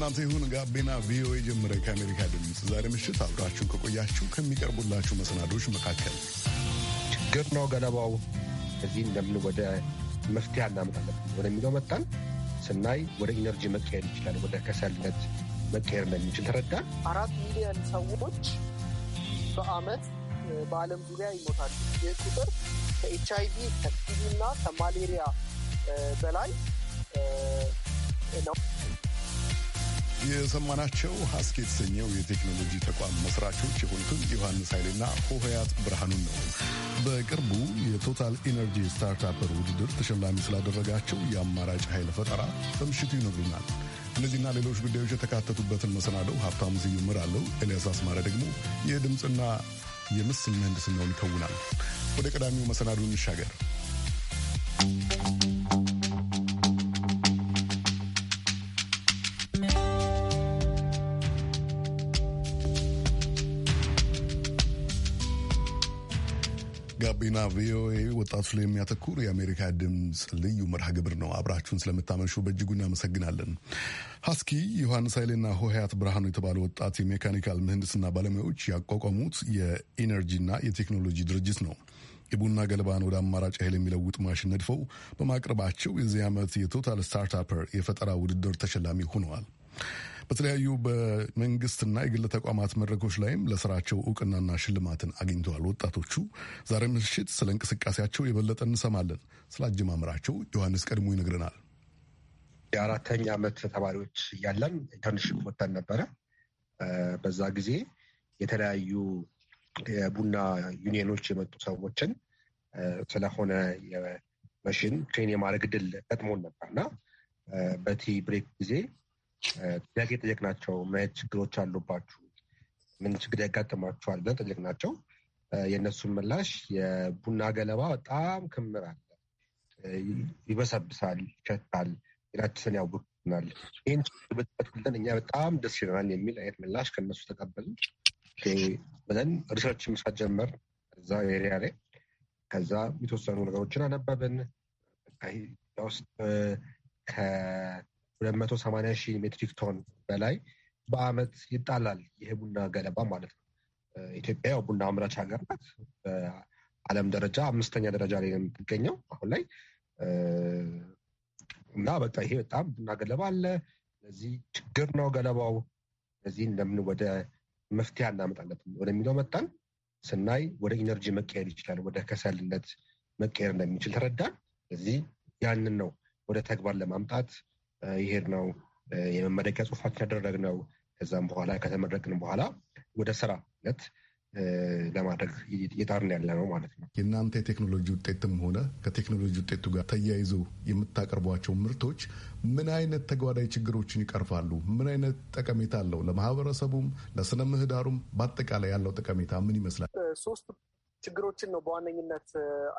ከእናንተ ይሁን። ጋቢና ቪኦኤ ጀምረ ከአሜሪካ ድምፅ ዛሬ ምሽት አብራችሁን ከቆያችሁ ከሚቀርቡላችሁ መሰናዶች መካከል ችግር ነው ገለባው እዚህ እንደምን ወደ መፍትሄ እናመጣለን ወደሚለው መጣን ስናይ ወደ ኢነርጂ መቀየር ይችላል፣ ወደ ከሰልነት መቀየር እንደሚችል ተረዳ። አራት ሚሊዮን ሰዎች በአመት በአለም ዙሪያ ይሞታል። ይህ ቁጥር ከኤች አይቪ ከቲቪ እና ከማሌሪያ በላይ የሰማናቸው ሀስክ የተሰኘው የቴክኖሎጂ ተቋም መስራቾች የሆኑትን ዮሐንስ ኃይሌና ሆህያት ብርሃኑን ነው። በቅርቡ የቶታል ኢነርጂ ስታርታፐር ውድድር ተሸላሚ ስላደረጋቸው የአማራጭ ኃይል ፈጠራ በምሽቱ ይነግሩናል። እነዚህና ሌሎች ጉዳዮች የተካተቱበትን መሰናደው ሀብታሙ ስዩም እመራለሁ። ኤልያስ አስማረ ደግሞ የድምፅና የምስል ምህንድስናውን ይከውናል። ወደ ቀዳሚው መሰናዶ እንሻገር። ጋቢና ቪኦኤ ወጣቶች ላይ የሚያተኩር የአሜሪካ ድምፅ ልዩ መርሃ ግብር ነው። አብራችሁን ስለምታመሹ በእጅጉ እናመሰግናለን። ሀስኪ ዮሐንስ ኃይሌና ሆሄያት ብርሃኑ የተባሉ ወጣት የሜካኒካል ምህንድስና ባለሙያዎች ያቋቋሙት የኢነርጂና የቴክኖሎጂ ድርጅት ነው። የቡና ገለባን ወደ አማራጭ ኃይል የሚለውጥ ማሽን ነድፈው በማቅረባቸው የዚህ ዓመት የቶታል ስታርታፐር የፈጠራ ውድድር ተሸላሚ ሆነዋል። በተለያዩ በመንግስትና የግል ተቋማት መድረኮች ላይም ለስራቸው እውቅናና ሽልማትን አግኝተዋል ወጣቶቹ። ዛሬ ምሽት ስለ እንቅስቃሴያቸው የበለጠ እንሰማለን። ስለ አጀማመራቸው ዮሐንስ ቀድሞ ይነግረናል። የአራተኛ ዓመት ተማሪዎች እያለን ኢንተርንሽፕ ወጥተን ነበረ። በዛ ጊዜ የተለያዩ የቡና ዩኒየኖች የመጡ ሰዎችን ስለሆነ መሽን ትሬን የማድረግ ድል ገጥሞን ነበር እና በቲ ብሬክ ጊዜ ጥያቄ ጠየቅናቸው። ምን ችግሮች አሉባችሁ፣ ምን ችግር ያጋጥማችኋል ብለን ጠየቅናቸው። የእነሱን ምላሽ የቡና ገለባ በጣም ክምር አለ፣ ይበሰብሳል፣ ይሸታል፣ ጤናችንን ያውቡናል። ይህን ችግር በትኩልን እኛ በጣም ደስ ይለናል የሚል አይነት ምላሽ ከእነሱ ተቀበልን ብለን ሪሰርች መስራት ጀመር እዛ ኤሪያ ላይ። ከዛ የተወሰኑ ነገሮችን አነበብን። ውስጥ 280 ሺህ ሜትሪክ ቶን በላይ በአመት ይጣላል። ይሄ ቡና ገለባ ማለት ነው። ኢትዮጵያ ያው ቡና አምራች ሀገር ናት። በዓለም ደረጃ አምስተኛ ደረጃ ላይ ነው የምትገኘው አሁን ላይ እና በቃ ይሄ በጣም ቡና ገለባ አለ። ስለዚህ ችግር ነው ገለባው። ስለዚህ እንደምን ወደ መፍትያ እናመጣለት ወደሚለው መጣን። ስናይ ወደ ኢነርጂ መቀየር ይችላል፣ ወደ ከሰልነት መቀየር እንደሚችል ተረዳን። ስለዚህ ያንን ነው ወደ ተግባር ለማምጣት ይሄድ ነው የመመደቂያ ጽሁፋችን ያደረግ ነው። ከዛም በኋላ ከተመረቅን በኋላ ወደ ስራነት ለማድረግ እየጣርን ያለ ነው ማለት ነው። የእናንተ የቴክኖሎጂ ውጤትም ሆነ ከቴክኖሎጂ ውጤቱ ጋር ተያይዞ የምታቀርቧቸው ምርቶች ምን አይነት ተጓዳይ ችግሮችን ይቀርፋሉ? ምን አይነት ጠቀሜታ አለው? ለማህበረሰቡም፣ ለስነ ምህዳሩም በአጠቃላይ ያለው ጠቀሜታ ምን ይመስላል? ሶስት ችግሮችን ነው በዋነኝነት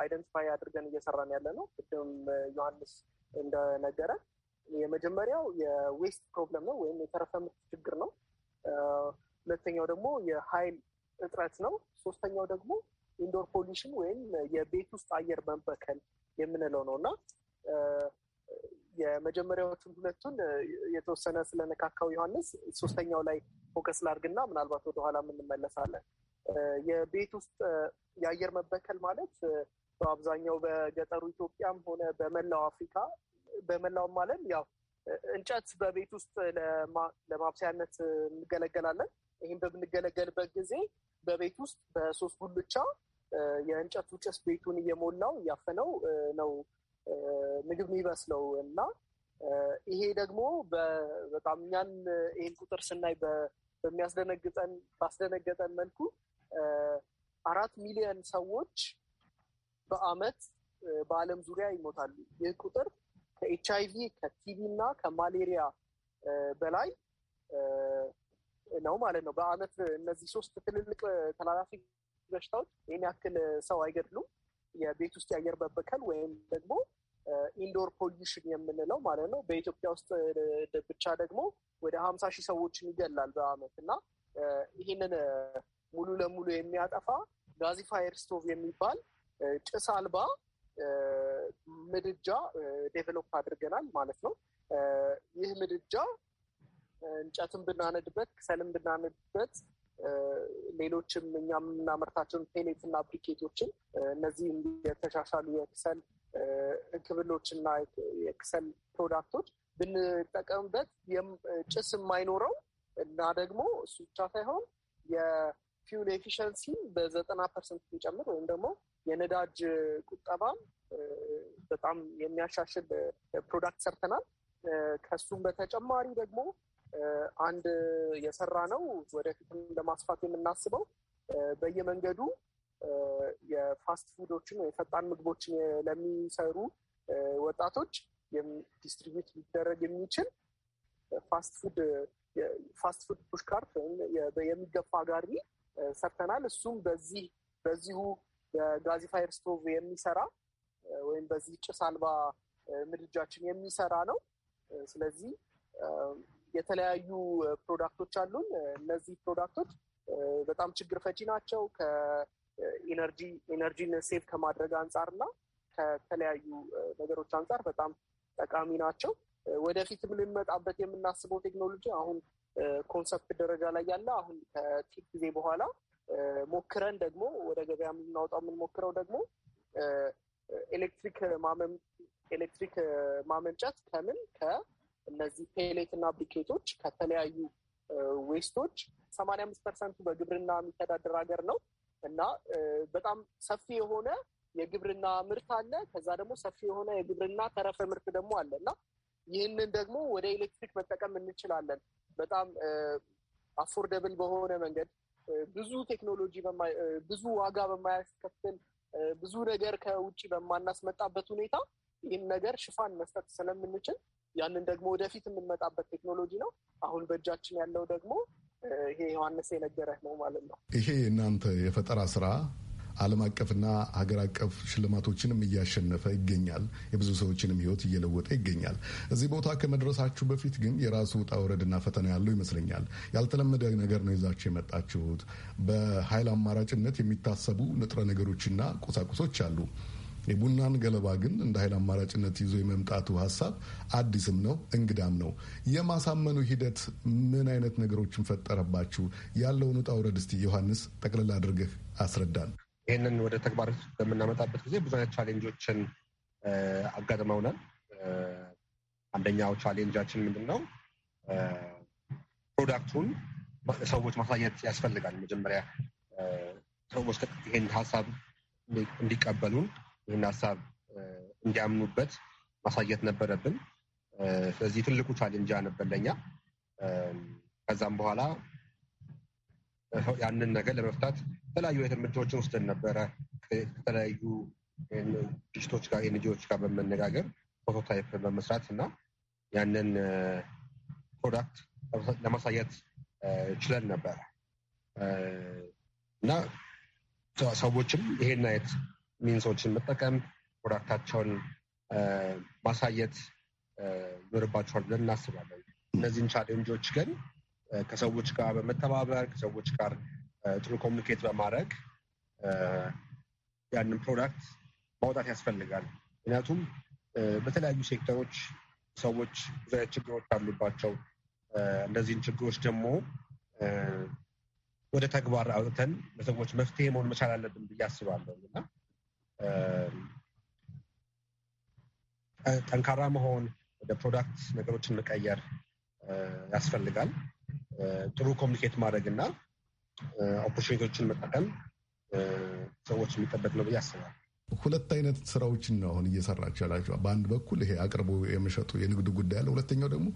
አይደንቲፋይ አድርገን እየሰራን ያለ ነው። ቅድም ዮሐንስ እንደነገረ የመጀመሪያው የዌስት ፕሮብለም ነው ወይም የተረፈ ምርት ችግር ነው። ሁለተኛው ደግሞ የሀይል እጥረት ነው። ሶስተኛው ደግሞ ኢንዶር ፖሊሽን ወይም የቤት ውስጥ አየር መንበከል የምንለው ነው እና የመጀመሪያዎቹን ሁለቱን የተወሰነ ስለነካካው ዮሐንስ ሶስተኛው ላይ ፎከስ ላድርግና ምናልባት ወደኋላ እንመለሳለን። የቤት ውስጥ የአየር መበከል ማለት በአብዛኛው በገጠሩ ኢትዮጵያም ሆነ በመላው አፍሪካ በመላውም ዓለም ያው እንጨት በቤት ውስጥ ለማብሰያነት እንገለገላለን። ይህም በምንገለገልበት ጊዜ በቤት ውስጥ በሶስት ጉልቻ የእንጨቱ ጭስ ቤቱን እየሞላው እያፈነው ነው ምግብ የሚበስለው እና ይሄ ደግሞ በጣም እኛን ይህን ቁጥር ስናይ በሚያስደነግጠን ባስደነገጠን መልኩ አራት ሚሊዮን ሰዎች በአመት በዓለም ዙሪያ ይሞታሉ። ይህ ቁጥር ከኤች አይ ቪ ከቲቪ እና ከማሌሪያ በላይ ነው ማለት ነው። በአመት እነዚህ ሶስት ትልልቅ ተላላፊ በሽታዎች ይህን ያክል ሰው አይገድሉም። የቤት ውስጥ የአየር መበከል ወይም ደግሞ ኢንዶር ፖሊሽን የምንለው ማለት ነው። በኢትዮጵያ ውስጥ ብቻ ደግሞ ወደ ሀምሳ ሺህ ሰዎችን ይገላል በአመት እና ይህንን ሙሉ ለሙሉ የሚያጠፋ ጋዚፋየር ስቶቭ የሚባል ጭስ አልባ ምድጃ ዴቨሎፕ አድርገናል ማለት ነው። ይህ ምድጃ እንጨትን ብናነድበት፣ ክሰልን ብናነድበት፣ ሌሎችም እኛ የምናመርታቸውን ፔሌት እና ብሪኬቶችን እነዚህ የተሻሻሉ የክሰል እንክብሎች እና የክሰል ፕሮዳክቶች ብንጠቀምበት ጭስ የማይኖረው እና ደግሞ እሱ ብቻ ሳይሆን የፊውል ኤፊሽንሲ በዘጠና ፐርሰንት ሊጨምር ወይም ደግሞ የነዳጅ ቁጠባ በጣም የሚያሻሽል ፕሮዳክት ሰርተናል። ከሱም በተጨማሪ ደግሞ አንድ የሰራ ነው ወደፊትም ለማስፋት የምናስበው በየመንገዱ የፋስት ፉዶችን የፈጣን ምግቦችን ለሚሰሩ ወጣቶች ዲስትሪቢዩት ሊደረግ የሚችል ፋስት ፉድ ፋስት ፉድ ፑሽ ካርት ወይም የሚገፋ ጋሪ ሰርተናል። እሱም በዚህ በዚሁ የጋዚ ስቶቭ የሚሰራ ወይም በዚህ ጭስ አልባ ምድጃችን የሚሰራ ነው። ስለዚህ የተለያዩ ፕሮዳክቶች አሉን። እነዚህ ፕሮዳክቶች በጣም ችግር ፈቺ ናቸው ከኢነርጂ ኢነርጂን ሴቭ ከማድረግ አንጻር እና ከተለያዩ ነገሮች አንጻር በጣም ጠቃሚ ናቸው። ወደፊት ልንመጣበት የምናስበው ቴክኖሎጂ አሁን ኮንሰፕት ደረጃ ላይ ያለ አሁን ከጥቂት ጊዜ በኋላ ሞክረን ደግሞ ወደ ገበያ የምናወጣው የምንሞክረው ደግሞ ኤሌክትሪክ ኤሌክትሪክ ማመንጨት ከምን ከእነዚህ ፔሌት እና ብሪኬቶች ከተለያዩ ዌስቶች ሰማንያ አምስት ፐርሰንቱ በግብርና የሚተዳደር ሀገር ነው እና በጣም ሰፊ የሆነ የግብርና ምርት አለ። ከዛ ደግሞ ሰፊ የሆነ የግብርና ተረፈ ምርት ደግሞ አለ እና ይህንን ደግሞ ወደ ኤሌክትሪክ መጠቀም እንችላለን በጣም አፎርደብል በሆነ መንገድ ብዙ ቴክኖሎጂ ብዙ ዋጋ በማያስከፍል ብዙ ነገር ከውጭ በማናስመጣበት ሁኔታ ይህን ነገር ሽፋን መስጠት ስለምንችል ያንን ደግሞ ወደፊት የምንመጣበት ቴክኖሎጂ ነው። አሁን በእጃችን ያለው ደግሞ ይሄ ዮሐንስ የነገረህ ነው ማለት ነው። ይሄ እናንተ የፈጠራ ስራ ዓለም አቀፍና ሀገር አቀፍ ሽልማቶችንም እያሸነፈ ይገኛል። የብዙ ሰዎችንም ህይወት እየለወጠ ይገኛል። እዚህ ቦታ ከመድረሳችሁ በፊት ግን የራሱ ውጣ ውረድና ፈተና ያለው ይመስለኛል። ያልተለመደ ነገር ነው ይዛችሁ የመጣችሁት። በኃይል አማራጭነት የሚታሰቡ ንጥረ ነገሮችና ቁሳቁሶች አሉ። የቡናን ገለባ ግን እንደ ኃይል አማራጭነት ይዞ የመምጣቱ ሀሳብ አዲስም ነው እንግዳም ነው። የማሳመኑ ሂደት ምን አይነት ነገሮችን ፈጠረባችሁ? ያለውን ውጣ ውረድ እስቲ ዮሐንስ ጠቅልላ አድርገህ አስረዳን። ይህንን ወደ ተግባር በምናመጣበት ጊዜ ብዙ አይነት ቻሌንጆችን አጋጥመውናል። አንደኛው ቻሌንጃችን ምንድን ነው? ፕሮዳክቱን ሰዎች ማሳየት ያስፈልጋል። መጀመሪያ ሰዎች ይህን ሀሳብ እንዲቀበሉን፣ ይህን ሀሳብ እንዲያምኑበት ማሳየት ነበረብን። ስለዚህ ትልቁ ቻሌንጅ ነበር ለኛ። ከዛም በኋላ ያንን ነገር ለመፍታት የተለያዩ አይነት እርምጃዎችን ወስደን ነበረ። ከተለያዩ ድርጅቶች ጋር ኤንጂዎች ጋር በመነጋገር ፕሮቶታይፕ በመስራት እና ያንን ፕሮዳክት ለማሳየት ችለን ነበረ እና ሰዎችም ይሄን አይነት ሚንሶችን መጠቀም ፕሮዳክታቸውን ማሳየት ይኖርባቸዋል ብለን እናስባለን። እነዚህን ቻሌንጆች ግን ከሰዎች ጋር በመተባበር ከሰዎች ጋር ጥሩ ኮሚኒኬት በማድረግ ያንን ፕሮዳክት ማውጣት ያስፈልጋል። ምክንያቱም በተለያዩ ሴክተሮች ሰዎች ብዙ ችግሮች አሉባቸው። እነዚህን ችግሮች ደግሞ ወደ ተግባር አውጥተን ለሰዎች መፍትሄ መሆን መቻል አለብን ብዬ አስባለሁ እና ጠንካራ መሆን ወደ ፕሮዳክት ነገሮችን መቀየር ያስፈልጋል። ጥሩ ኮሚኒኬት ማድረግ እና ኦፖርቹኒቲዎችን መጠቀም ሰዎች የሚጠበቅ ነው ብዬ አስባለሁ። ሁለት አይነት ስራዎችን ነው አሁን እየሰራችሁ ያላችሁ። በአንድ በኩል ይሄ አቅርቦ የመሸጡ የንግዱ ጉዳይ አለ። ሁለተኛው ደግሞ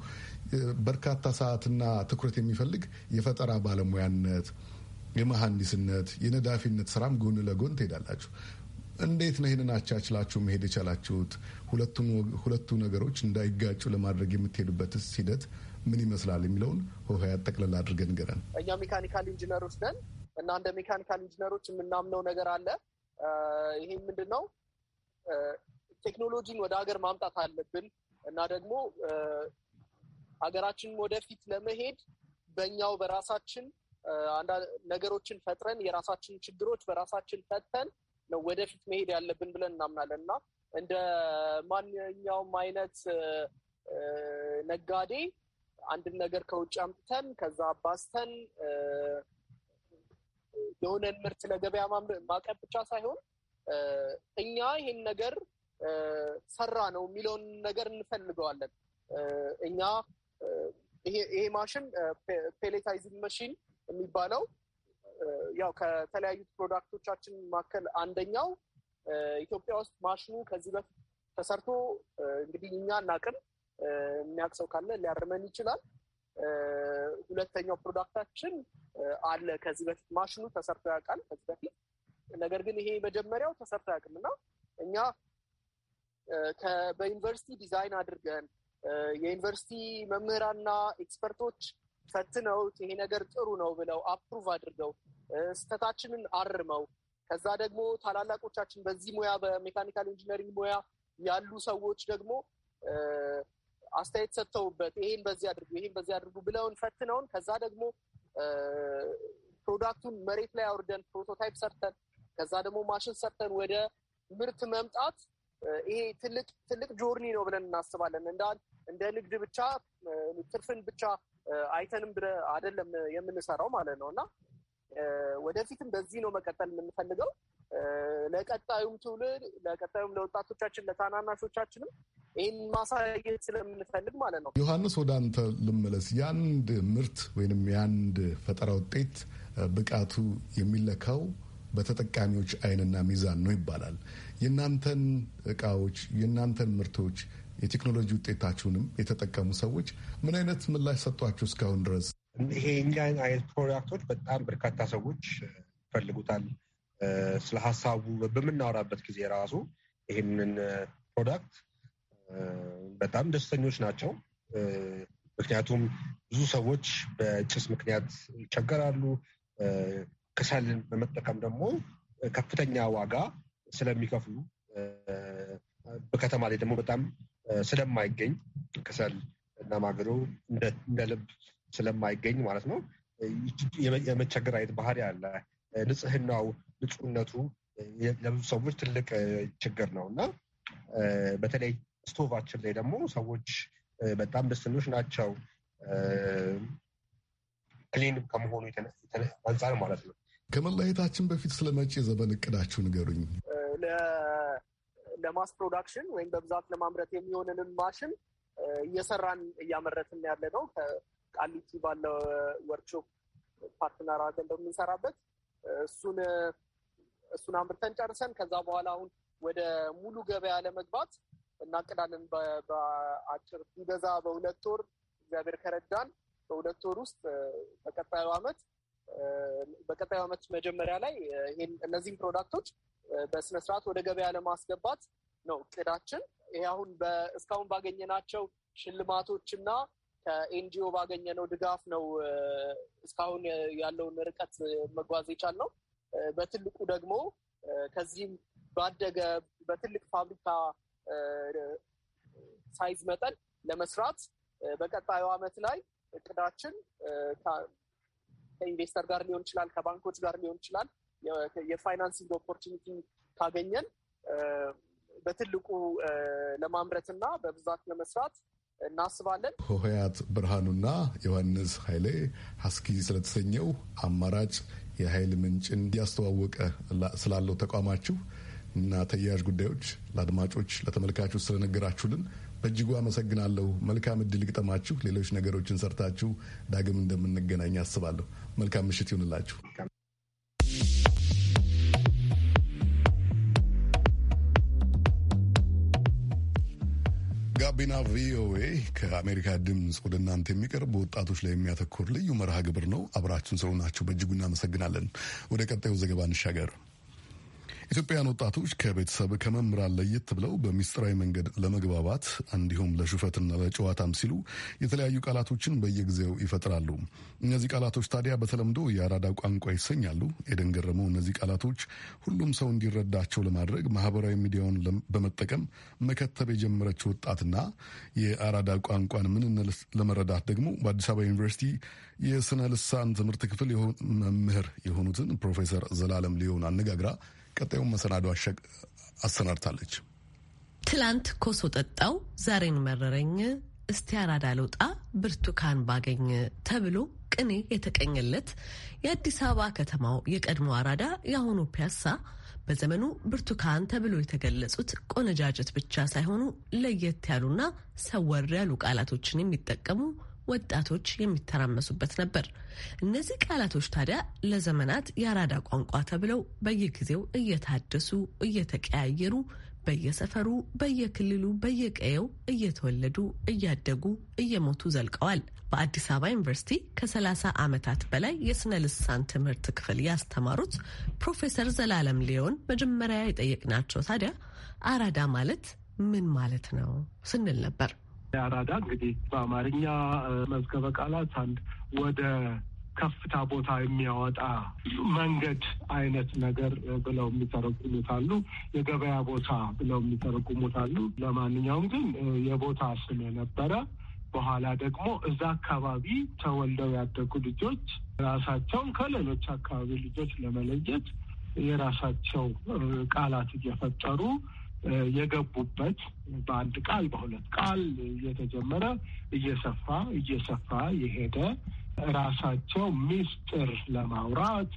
በርካታ ሰዓትና ትኩረት የሚፈልግ የፈጠራ ባለሙያነት፣ የመሐንዲስነት፣ የነዳፊነት ስራም ጎን ለጎን ትሄዳላችሁ። እንዴት ነው ይህንን አቻችላችሁ መሄድ የቻላችሁት? ሁለቱ ነገሮች እንዳይጋጩ ለማድረግ የምትሄዱበትስ ሂደት ምን ይመስላል የሚለውን ሆሄያት ጠቅለላ አድርገን ንገረን። እኛ ሜካኒካል ኢንጂነሮች ነን እና እንደ ሜካኒካል ኢንጂነሮች የምናምነው ነገር አለ። ይህ ምንድን ነው? ቴክኖሎጂን ወደ ሀገር ማምጣት አለብን እና ደግሞ ሀገራችንን ወደፊት ለመሄድ በእኛው በራሳችን ነገሮችን ፈጥረን የራሳችን ችግሮች በራሳችን ፈተን ነው ወደፊት መሄድ ያለብን ብለን እናምናለን እና እንደ ማንኛውም አይነት ነጋዴ አንድን ነገር ከውጭ አምጥተን ከዛ አባስተን የሆነን ምርት ለገበያ ማቅረብ ብቻ ሳይሆን እኛ ይህን ነገር ሰራ ነው የሚለውን ነገር እንፈልገዋለን። እኛ ይሄ ማሽን ፔሌታይዚንግ መሽን የሚባለው ያው ከተለያዩ ፕሮዳክቶቻችን መካከል አንደኛው ኢትዮጵያ ውስጥ ማሽኑ ከዚህ በፊት ተሰርቶ እንግዲህ እኛ እናቅም ሰው ካለ ሊያርመን ይችላል። ሁለተኛው ፕሮዳክታችን አለ። ከዚህ በፊት ማሽኑ ተሰርቶ ያውቃል ከዚህ በፊት ነገር ግን ይሄ መጀመሪያው ተሰርቶ ያውቅም እና እኛ በዩኒቨርሲቲ ዲዛይን አድርገን የዩኒቨርሲቲ መምህራንና ኤክስፐርቶች ፈትነውት ይሄ ነገር ጥሩ ነው ብለው አፕሩቭ አድርገው ስህተታችንን አርመው ከዛ ደግሞ ታላላቆቻችን በዚህ ሙያ በሜካኒካል ኢንጂነሪንግ ሙያ ያሉ ሰዎች ደግሞ አስተያየት ሰጥተውበት ይሄን በዚህ አድርጉ፣ ይሄን በዚህ አድርጉ ብለውን ፈትነውን ከዛ ደግሞ ፕሮዳክቱን መሬት ላይ አውርደን ፕሮቶታይፕ ሰርተን ከዛ ደግሞ ማሽን ሰርተን ወደ ምርት መምጣት ይሄ ትልቅ ትልቅ ጆርኒ ነው ብለን እናስባለን። እንደ ንግድ ብቻ ትርፍን ብቻ አይተንም ብለ አይደለም የምንሰራው ማለት ነው እና ወደፊትም በዚህ ነው መቀጠል የምንፈልገው። ለቀጣዩም ትውልድ ለቀጣዩም ለወጣቶቻችን ለታናናሾቻችንም ይህን ማሳየት ስለምንፈልግ ማለት ነው። ዮሐንስ ወደ አንተ ልመለስ። የአንድ ምርት ወይም የአንድ ፈጠራ ውጤት ብቃቱ የሚለካው በተጠቃሚዎች አይንና ሚዛን ነው ይባላል። የእናንተን እቃዎች፣ የእናንተን ምርቶች፣ የቴክኖሎጂ ውጤታችሁንም የተጠቀሙ ሰዎች ምን አይነት ምላሽ ሰጧችሁ እስካሁን ድረስ? ይሄ እኛን አይነት ፕሮዳክቶች በጣም በርካታ ሰዎች ይፈልጉታል። ስለ ሀሳቡ በምናወራበት ጊዜ ራሱ ይህንን ፕሮዳክት በጣም ደስተኞች ናቸው። ምክንያቱም ብዙ ሰዎች በጭስ ምክንያት ይቸገራሉ። ክሰልን በመጠቀም ደግሞ ከፍተኛ ዋጋ ስለሚከፍሉ በከተማ ላይ ደግሞ በጣም ስለማይገኝ ከሰል እና ማገዶ እንደ ልብ ስለማይገኝ ማለት ነው የመቸገር አይነት ባህሪ አለ። ንጽህናው፣ ንጹህነቱ ለብዙ ሰዎች ትልቅ ችግር ነው እና በተለይ ስቶቫችን ላይ ደግሞ ሰዎች በጣም ደስተኞች ናቸው። ክሊን ከመሆኑ አንጻር ማለት ነው። ከመለየታችን በፊት ስለ መጪ ዘመን እቅዳችሁ ንገሩኝ። ለማስ ፕሮዳክሽን ወይም በብዛት ለማምረት የሚሆንንም ማሽን እየሰራን እያመረትን ያለ ነው። ከቃሊቲ ባለው ወርክሾፕ ፓርትነር አድርገን በምንሰራበት እሱን እሱን አምርተን ጨርሰን ከዛ በኋላ አሁን ወደ ሙሉ ገበያ ለመግባት እናቅዳለን። በአጭር ቢበዛ በሁለት ወር እግዚአብሔር ከረዳን በሁለት ወር ውስጥ በቀጣዩ አመት በቀጣዩ አመት መጀመሪያ ላይ ይሄን እነዚህም ፕሮዳክቶች በስነስርዓት ወደ ገበያ ለማስገባት ነው እቅዳችን። ይሄ አሁን እስካሁን ባገኘናቸው ሽልማቶችና ከኤንጂኦ ባገኘነው ድጋፍ ነው እስካሁን ያለውን ርቀት መጓዝ የቻልነው። በትልቁ ደግሞ ከዚህም ባደገ በትልቅ ፋብሪካ ሳይዝ መጠን ለመስራት በቀጣዩ አመት ላይ እቅዳችን ከኢንቨስተር ጋር ሊሆን ይችላል፣ ከባንኮች ጋር ሊሆን ይችላል። የፋይናንሲንግ ኦፖርቹኒቲ ካገኘን በትልቁ ለማምረት እና በብዛት ለመስራት እናስባለን። ሆሄያት ብርሃኑና ዮሐንስ ኃይሌ ሀስኪ ስለተሰኘው አማራጭ የኃይል ምንጭ እንዲያስተዋወቀ ስላለው ተቋማችሁ እና ተያያዥ ጉዳዮች ለአድማጮች ለተመልካቾች ስለነገራችሁልን በእጅጉ አመሰግናለሁ። መልካም እድል ግጠማችሁ። ሌሎች ነገሮችን ሰርታችሁ ዳግም እንደምንገናኝ አስባለሁ። መልካም ምሽት ይሁንላችሁ። ጋቢና ቪኦኤ ከአሜሪካ ድምፅ ወደ እናንተ የሚቀርብ ወጣቶች ላይ የሚያተኩር ልዩ መርሃ ግብር ነው። አብራችሁን ስለሆናችሁ በእጅጉ እናመሰግናለን። ወደ ቀጣዩ ዘገባ እንሻገር። ኢትዮጵያውያን ወጣቶች ከቤተሰብ ከመምህራን ለየት ብለው በሚስጥራዊ መንገድ ለመግባባት እንዲሁም ለሹፈትና ለጨዋታም ሲሉ የተለያዩ ቃላቶችን በየጊዜው ይፈጥራሉ። እነዚህ ቃላቶች ታዲያ በተለምዶ የአራዳ ቋንቋ ይሰኛሉ። ኤደን ገረመው እነዚህ ቃላቶች ሁሉም ሰው እንዲረዳቸው ለማድረግ ማህበራዊ ሚዲያውን በመጠቀም መከተብ የጀመረችው ወጣትና የአራዳ ቋንቋን ምንነት ለመረዳት ደግሞ በአዲስ አበባ ዩኒቨርሲቲ የስነ ልሳን ትምህርት ክፍል መምህር የሆኑትን ፕሮፌሰር ዘላለም ሊዮን አነጋግራ ቀጣዩን መሰናዶ አሰናድታለች። ትላንት ኮሶ ጠጣው ዛሬን መረረኝ፣ እስቲ አራዳ ልውጣ ብርቱካን ባገኝ ተብሎ ቅኔ የተቀኘለት የአዲስ አበባ ከተማው የቀድሞ አራዳ የአሁኑ ፒያሳ በዘመኑ ብርቱካን ተብሎ የተገለጹት ቆነጃጀት ብቻ ሳይሆኑ ለየት ያሉና ሰወር ያሉ ቃላቶችን የሚጠቀሙ ወጣቶች የሚተራመሱበት ነበር። እነዚህ ቃላቶች ታዲያ ለዘመናት የአራዳ ቋንቋ ተብለው በየጊዜው እየታደሱ እየተቀያየሩ በየሰፈሩ፣ በየክልሉ፣ በየቀየው እየተወለዱ እያደጉ እየሞቱ ዘልቀዋል። በአዲስ አበባ ዩኒቨርሲቲ ከ30 ዓመታት በላይ የስነ ልሳን ትምህርት ክፍል ያስተማሩት ፕሮፌሰር ዘላለም ሊዮን መጀመሪያ የጠየቅናቸው ታዲያ አራዳ ማለት ምን ማለት ነው ስንል ነበር። አራዳ እንግዲህ በአማርኛ መዝገበ ቃላት አንድ ወደ ከፍታ ቦታ የሚያወጣ መንገድ አይነት ነገር ብለው የሚተረጉሙት አሉ። የገበያ ቦታ ብለው የሚተረጉሙት አሉ። ለማንኛውም ግን የቦታ ስም የነበረ በኋላ ደግሞ እዛ አካባቢ ተወልደው ያደጉ ልጆች ራሳቸውን ከሌሎች አካባቢ ልጆች ለመለየት የራሳቸው ቃላት እየፈጠሩ የገቡበት በአንድ ቃል በሁለት ቃል እየተጀመረ እየሰፋ እየሰፋ የሄደ ራሳቸው ሚስጥር ለማውራት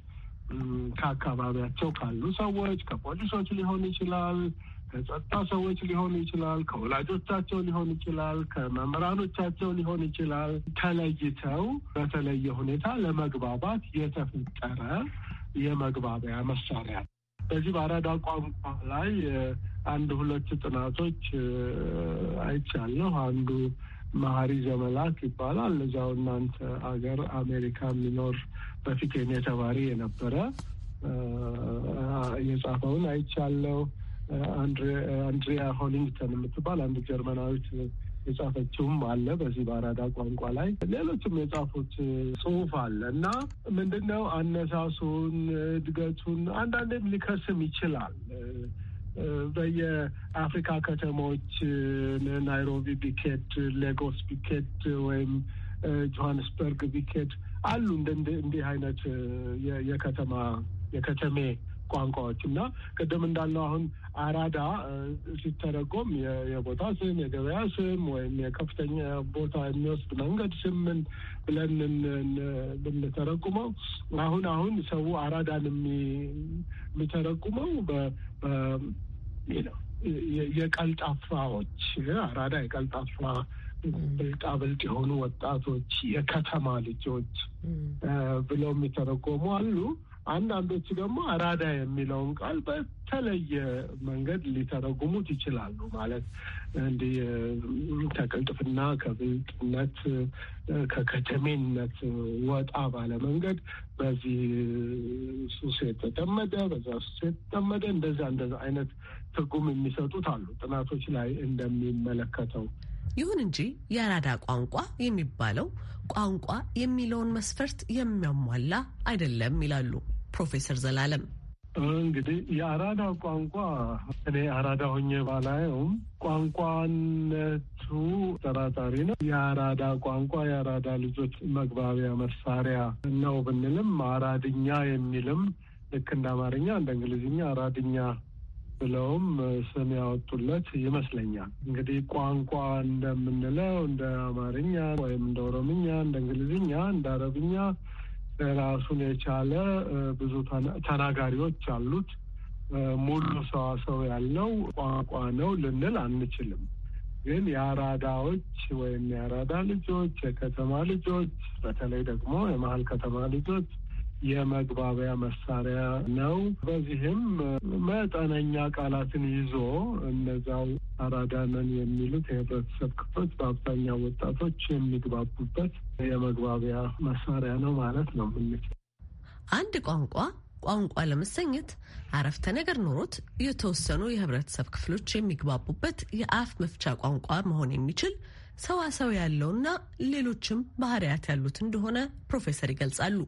ከአካባቢያቸው ካሉ ሰዎች ከፖሊሶች ሊሆን ይችላል፣ ከጸጥታ ሰዎች ሊሆን ይችላል፣ ከወላጆቻቸው ሊሆን ይችላል፣ ከመምህራኖቻቸው ሊሆን ይችላል። ተለይተው በተለየ ሁኔታ ለመግባባት የተፈጠረ የመግባቢያ መሳሪያ ነው። በዚህ በአራዳ ቋንቋ ላይ አንድ ሁለት ጥናቶች አይቻለሁ። አንዱ መሀሪ ዘመላክ ይባላል። እዛው እናንተ ሀገር አሜሪካ የሚኖር በፊት የኔ ተማሪ የነበረ የጻፈውን አይቻለሁ። አንድሪያ ሆሊንግተን የምትባል አንድ ጀርመናዊት የጻፈችውም አለ በዚህ በአራዳ ቋንቋ ላይ ሌሎችም የጻፉት ጽሁፍ አለ እና ምንድነው አነሳሱን እድገቱን አንዳንዴም ሊከስም ይችላል። በየአፍሪካ ከተሞች ናይሮቢ ቢኬድ፣ ሌጎስ ቢኬድ ወይም ጆሀንስበርግ ቢኬድ አሉ እንደ እንዲህ አይነት የከተማ የከተሜ ቋንቋዎች እና ቅድም እንዳልነው አሁን አራዳ ሲተረጎም የቦታ ስም፣ የገበያ ስም ወይም የከፍተኛ ቦታ የሚወስድ መንገድ ስምን ብለን ብንተረጉመው አሁን አሁን ሰው አራዳን የሚተረጉመው የቀልጣፋዎች አራዳ የቀልጣፋ ብልጣብልጥ የሆኑ ወጣቶች፣ የከተማ ልጆች ብለው የሚተረጎሙ አሉ። አንዳንዶቹ ደግሞ አራዳ የሚለውን ቃል በተለየ መንገድ ሊተረጉሙት ይችላሉ። ማለት እንዲህ ከቅልጥፍና ከብልጥነት፣ ከከተሜነት ወጣ ባለ መንገድ በዚህ ሱስ የተጠመደ በዛ ሱስ የተጠመደ እንደዛ እንደዛ አይነት ትርጉም የሚሰጡት አሉ ጥናቶች ላይ እንደሚመለከተው ይሁን እንጂ የአራዳ ቋንቋ የሚባለው ቋንቋ የሚለውን መስፈርት የሚያሟላ አይደለም ይላሉ። ፕሮፌሰር ዘላለም እንግዲህ የአራዳ ቋንቋ እኔ አራዳ ሆኜ ባላየውም ቋንቋነቱ ጠራጣሪ ነው። የአራዳ ቋንቋ የአራዳ ልጆች መግባቢያ መሳሪያ ነው ብንልም አራድኛ የሚልም ልክ እንደ አማርኛ እንደ እንግሊዝኛ አራድኛ ብለውም ስም ያወጡለት ይመስለኛል። እንግዲህ ቋንቋ እንደምንለው እንደ አማርኛ ወይም እንደ ኦሮምኛ፣ እንደ እንግሊዝኛ፣ እንደ አረብኛ ራሱን የቻለ ብዙ ተናጋሪዎች አሉት። ሙሉ ሰዋሰው ያለው ቋንቋ ነው ልንል አንችልም። ግን የአራዳዎች ወይም የአራዳ ልጆች፣ የከተማ ልጆች፣ በተለይ ደግሞ የመሀል ከተማ ልጆች የመግባቢያ መሳሪያ ነው። በዚህም መጠነኛ ቃላትን ይዞ እነዛው አራዳነን የሚሉት የህብረተሰብ ክፍሎች በአብዛኛው ወጣቶች የሚግባቡበት የመግባቢያ መሳሪያ ነው ማለት ነው። ምንች አንድ ቋንቋ ቋንቋ ለመሰኘት አረፍተ ነገር ኖሮት የተወሰኑ የህብረተሰብ ክፍሎች የሚግባቡበት የአፍ መፍቻ ቋንቋ መሆን የሚችል ሰዋሰው ያለውና ሌሎችም ባህሪያት ያሉት እንደሆነ ፕሮፌሰር ይገልጻሉ።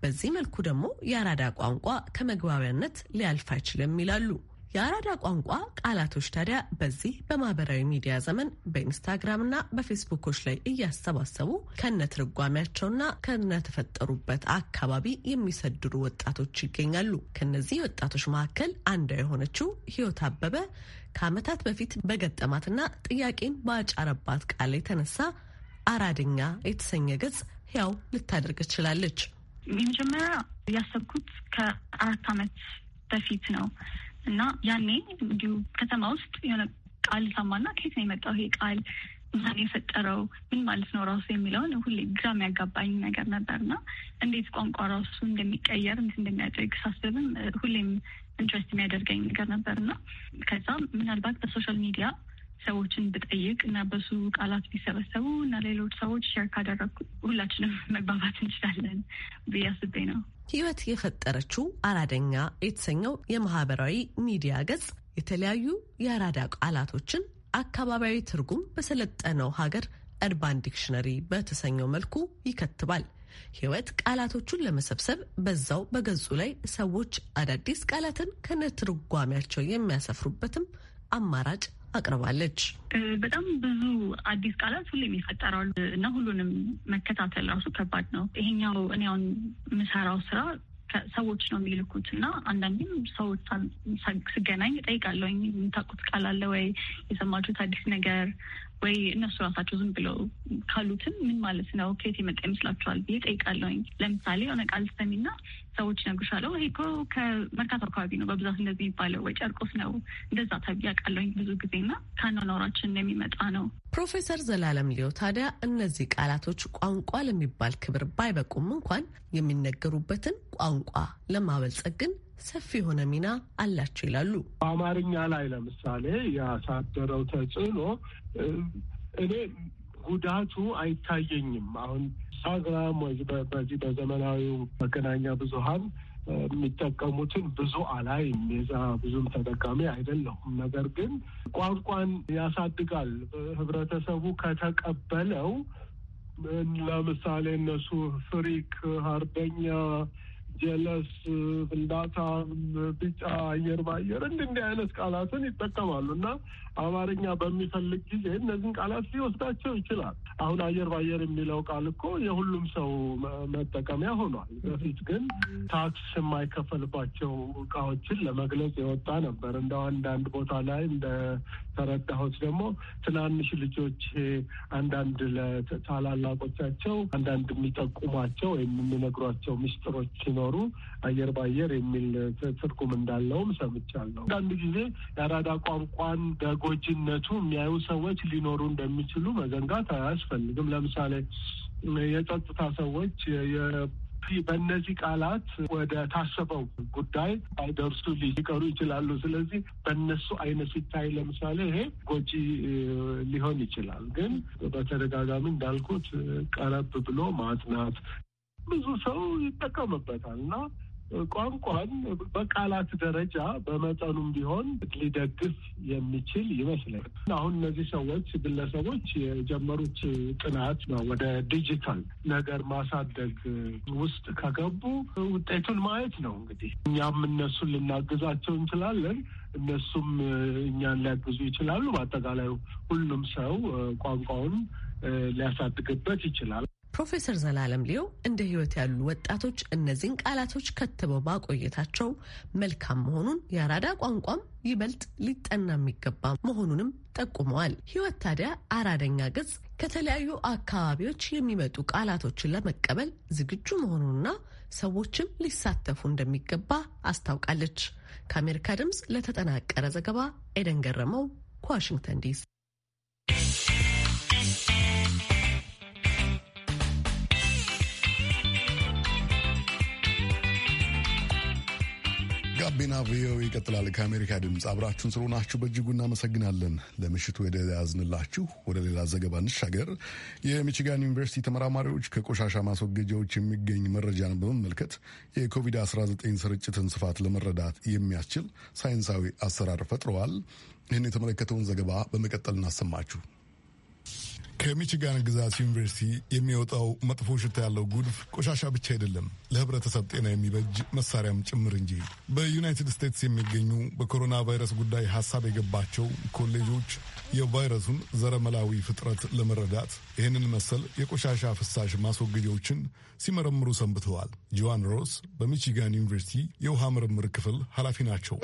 በዚህ መልኩ ደግሞ የአራዳ ቋንቋ ከመግባቢያነት ሊያልፍ አይችልም ይላሉ። የአራዳ ቋንቋ ቃላቶች ታዲያ በዚህ በማህበራዊ ሚዲያ ዘመን በኢንስታግራምና በፌስቡኮች ላይ እያሰባሰቡ ከነ ትርጓሜያቸውና ከነ ተፈጠሩበት አካባቢ የሚሰድሩ ወጣቶች ይገኛሉ። ከነዚህ ወጣቶች መካከል አንዷ የሆነችው ህይወት አበበ ከዓመታት በፊት በገጠማትና ጥያቄን ባጫረባት ቃል የተነሳ አራድኛ የተሰኘ ገጽ ያው ልታደርግ ትችላለች። የመጀመሪያ ያሰብኩት ከአራት ዓመት በፊት ነው። እና ያኔ እንዲሁ ከተማ ውስጥ የሆነ ቃል ሰማና ከየት ነው የመጣው ይሄ ቃል ማን የፈጠረው ምን ማለት ነው ራሱ የሚለውን ሁሌ ግራ የሚያጋባኝ ነገር ነበርና እንዴት ቋንቋ ራሱ እንደሚቀየር እንት እንደሚያደርግ ሳስብም ሁሌም ኢንትረስት የሚያደርገኝ ነገር ነበርና ከዛ ምናልባት በሶሻል ሚዲያ ሰዎችን ብጠይቅ እና በሱ ቃላት ቢሰበሰቡ እና ሌሎች ሰዎች ሼር ካደረግኩ ሁላችንም መግባባት እንችላለን ብዬ አስቤ ነው። ህይወት የፈጠረችው አራደኛ የተሰኘው የማህበራዊ ሚዲያ ገጽ የተለያዩ የአራዳ ቃላቶችን አካባቢያዊ ትርጉም በሰለጠነው ሀገር እርባን ዲክሽነሪ በተሰኘው መልኩ ይከትባል። ህይወት ቃላቶቹን ለመሰብሰብ በዛው በገጹ ላይ ሰዎች አዳዲስ ቃላትን ከነትርጓሚያቸው የሚያሰፍሩበትም አማራጭ አቅርባለች። በጣም ብዙ አዲስ ቃላት ሁሌም ይፈጠራሉ እና ሁሉንም መከታተል ራሱ ከባድ ነው። ይሄኛው እኔ አሁን የምሰራው ስራ ሰዎች ነው የሚልኩት እና አንዳንዴም ሰዎች ስገናኝ እጠይቃለሁ፣ የምታውቁት ቃል አለ ወይ? የሰማችሁት አዲስ ነገር ወይ? እነሱ ራሳቸው ዝም ብለው ካሉትም ምን ማለት ነው ከየት የመጣ ይመስላችኋል ብዬ እጠይቃለሁኝ። ለምሳሌ የሆነ ቃል ሰሚና ሰዎች ይነግሩሻል። ይሄ እኮ ከመርካቶ አካባቢ ነው በብዛት እንደዚህ የሚባለው ወይ ጨርቆስ ነው እንደዛ ተብዬ ብዙ ጊዜና ከአኗኗራችን የሚመጣ ነው። ፕሮፌሰር ዘላለም ሊዮ ታዲያ እነዚህ ቃላቶች ቋንቋ ለሚባል ክብር ባይበቁም እንኳን የሚነገሩበትን ቋንቋ ለማበልጸግ ግን ሰፊ የሆነ ሚና አላቸው ይላሉ። በአማርኛ ላይ ለምሳሌ ያሳደረው ተጽዕኖ እኔ ጉዳቱ አይታየኝም አሁን በኢንስታግራም ወይ በዚህ በዘመናዊው መገናኛ ብዙሀን የሚጠቀሙትን ብዙ አላይ የዛ ብዙም ተጠቃሚ አይደለሁም። ነገር ግን ቋንቋን ያሳድጋል። ህብረተሰቡ ከተቀበለው ለምሳሌ እነሱ ፍሪክ፣ አርበኛ ጀለስ፣ ፍንዳታ፣ ቢጫ አየር ባየር እንዲ እንዲህ አይነት ቃላትን ይጠቀማሉ እና አማርኛ በሚፈልግ ጊዜ እነዚህን ቃላት ሊወስዳቸው ይችላል። አሁን አየር ባየር የሚለው ቃል እኮ የሁሉም ሰው መጠቀሚያ ሆኗል። በፊት ግን ታክስ የማይከፈልባቸው እቃዎችን ለመግለጽ የወጣ ነበር። እንደው አንዳንድ ቦታ ላይ እንደተረዳሁት ደግሞ ትናንሽ ልጆች አንዳንድ ለታላላቆቻቸው አንዳንድ የሚጠቁሟቸው ወይም የሚነግሯቸው ምስጢሮች ሲኖ ሲያወሩ አየር በአየር የሚል ትርጉም እንዳለውም ሰምቻለሁ። አንዳንድ ጊዜ የአራዳ ቋንቋን በጎጅነቱ የሚያዩ ሰዎች ሊኖሩ እንደሚችሉ መዘንጋት አያስፈልግም። ለምሳሌ የጸጥታ ሰዎች በእነዚህ ቃላት ወደ ታሰበው ጉዳይ አይደርሱ ሊቀሩ ይችላሉ። ስለዚህ በእነሱ አይነት ሲታይ ለምሳሌ ይሄ ጎጂ ሊሆን ይችላል። ግን በተደጋጋሚ እንዳልኩት ቀረብ ብሎ ማጥናት ብዙ ሰው ይጠቀምበታል እና ቋንቋን በቃላት ደረጃ በመጠኑም ቢሆን ሊደግፍ የሚችል ይመስላል። አሁን እነዚህ ሰዎች ግለሰቦች የጀመሩት ጥናት ነው። ወደ ዲጂታል ነገር ማሳደግ ውስጥ ከገቡ ውጤቱን ማየት ነው። እንግዲህ እኛም እነሱን ልናግዛቸው እንችላለን፣ እነሱም እኛን ሊያግዙ ይችላሉ። በአጠቃላይ ሁሉም ሰው ቋንቋውን ሊያሳድግበት ይችላል። ፕሮፌሰር ዘላለም ሊዮ እንደ ህይወት ያሉ ወጣቶች እነዚህን ቃላቶች ከትበው ማቆየታቸው መልካም መሆኑን የአራዳ ቋንቋም ይበልጥ ሊጠና የሚገባ መሆኑንም ጠቁመዋል። ህይወት ታዲያ አራደኛ ገጽ ከተለያዩ አካባቢዎች የሚመጡ ቃላቶችን ለመቀበል ዝግጁ መሆኑንና ሰዎችም ሊሳተፉ እንደሚገባ አስታውቃለች። ከአሜሪካ ድምፅ ለተጠናቀረ ዘገባ ኤደን ገረመው ከዋሽንግተን ዲሲ ጋቢና ቪኦኤ ይቀጥላል። ከአሜሪካ ድምፅ አብራችሁን ስለሆናችሁ በእጅጉ እናመሰግናለን። ለምሽቱ ወደ ያዝንላችሁ ወደ ሌላ ዘገባ እንሻገር። የሚችጋን ዩኒቨርሲቲ ተመራማሪዎች ከቆሻሻ ማስወገጃዎች የሚገኝ መረጃን በመመልከት የኮቪድ-19 ስርጭትን ስፋት ለመረዳት የሚያስችል ሳይንሳዊ አሰራር ፈጥረዋል። ይህን የተመለከተውን ዘገባ በመቀጠል እናሰማችሁ። ከሚችጋን ግዛት ዩኒቨርሲቲ የሚወጣው መጥፎ ሽታ ያለው ጉድፍ ቆሻሻ ብቻ አይደለም፣ ለህብረተሰብ ጤና የሚበጅ መሳሪያም ጭምር እንጂ። በዩናይትድ ስቴትስ የሚገኙ በኮሮና ቫይረስ ጉዳይ ሀሳብ የገባቸው ኮሌጆች የቫይረሱን ዘረመላዊ ፍጥረት ለመረዳት ይህንን መሰል የቆሻሻ ፍሳሽ ማስወገጃዎችን ሲመረምሩ ሰንብተዋል። ጆዋን ሮስ በሚቺጋን ዩኒቨርሲቲ የውሃ ምርምር ክፍል ኃላፊ ናቸው።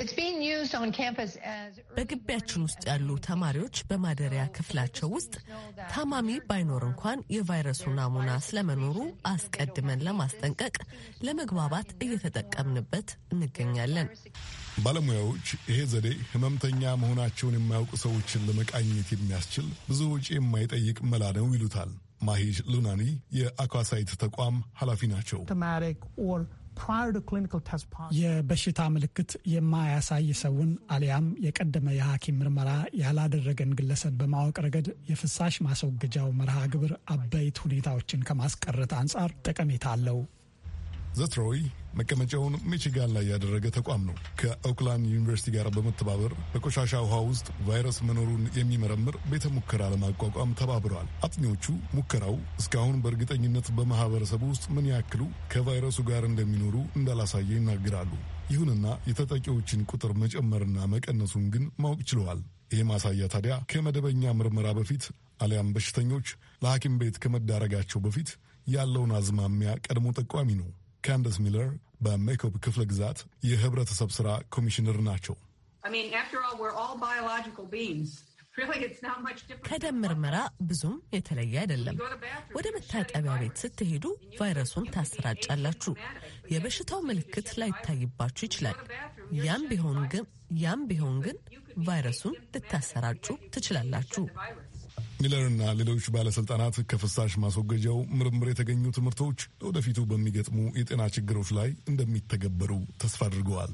በግቢያችን ውስጥ ያሉ ተማሪዎች በማደሪያ ክፍላቸው ውስጥ ታማሚ ባይኖር እንኳን የቫይረሱ ናሙና ስለመኖሩ አስቀድመን ለማስጠንቀቅ ለመግባባት እየተጠቀምንበት እንገኛለን። ባለሙያዎች ይሄ ዘዴ ህመምተኛ መሆናቸውን የማያውቁ ሰዎችን ለመቀ ለመቃኘት የሚያስችል ብዙ ወጪ የማይጠይቅ መላ ነው ይሉታል። ማሂሽ ሉናኒ የአኳሳይት ተቋም ኃላፊ ናቸው። የበሽታ ምልክት የማያሳይ ሰውን አሊያም የቀደመ የሐኪም ምርመራ ያላደረገን ግለሰብ በማወቅ ረገድ የፍሳሽ ማስወገጃው መርሃ ግብር አበይት ሁኔታዎችን ከማስቀረት አንጻር ጠቀሜታ አለው። ዘትሮይ መቀመጫውን ሚችጋን ላይ ያደረገ ተቋም ነው። ከኦክላንድ ዩኒቨርሲቲ ጋር በመተባበር በቆሻሻ ውሃ ውስጥ ቫይረስ መኖሩን የሚመረምር ቤተ ሙከራ ለማቋቋም ተባብረዋል። አጥኚዎቹ ሙከራው እስካሁን በእርግጠኝነት በማህበረሰቡ ውስጥ ምን ያክሉ ከቫይረሱ ጋር እንደሚኖሩ እንዳላሳየ ይናገራሉ። ይሁንና የተጠቂዎችን ቁጥር መጨመርና መቀነሱን ግን ማወቅ ችለዋል። ይህ ማሳያ ታዲያ ከመደበኛ ምርመራ በፊት አሊያም በሽተኞች ለሐኪም ቤት ከመዳረጋቸው በፊት ያለውን አዝማሚያ ቀድሞ ጠቋሚ ነው። ካንደስ ሚለር በሜኮፕ ክፍለ ግዛት የህብረተሰብ ስራ ኮሚሽነር ናቸው። ከደም ምርመራ ብዙም የተለየ አይደለም። ወደ መታጠቢያ ቤት ስትሄዱ ቫይረሱን ታሰራጫላችሁ። የበሽታው ምልክት ላይታይባችሁ ይችላል። ያም ቢሆን ግን ያም ቢሆን ግን ቫይረሱን ልታሰራጩ ትችላላችሁ። ሚለር እና ሌሎች ባለስልጣናት ከፍሳሽ ማስወገጃው ምርምር የተገኙ ትምህርቶች ለወደፊቱ በሚገጥሙ የጤና ችግሮች ላይ እንደሚተገበሩ ተስፋ አድርገዋል።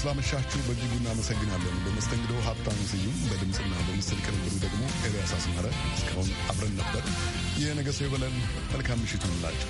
ስላመሻችሁ በእጅጉ እናመሰግናለን። በመስተንግዶው ሀብታሙ ስዩም፣ በድምፅና በምስል ቅንብሩ ደግሞ ኤልያስ አስመረ እስካሁን አብረን ነበር። የነገ ሰው ይበለን። መልካም ምሽት ይሁንላችሁ።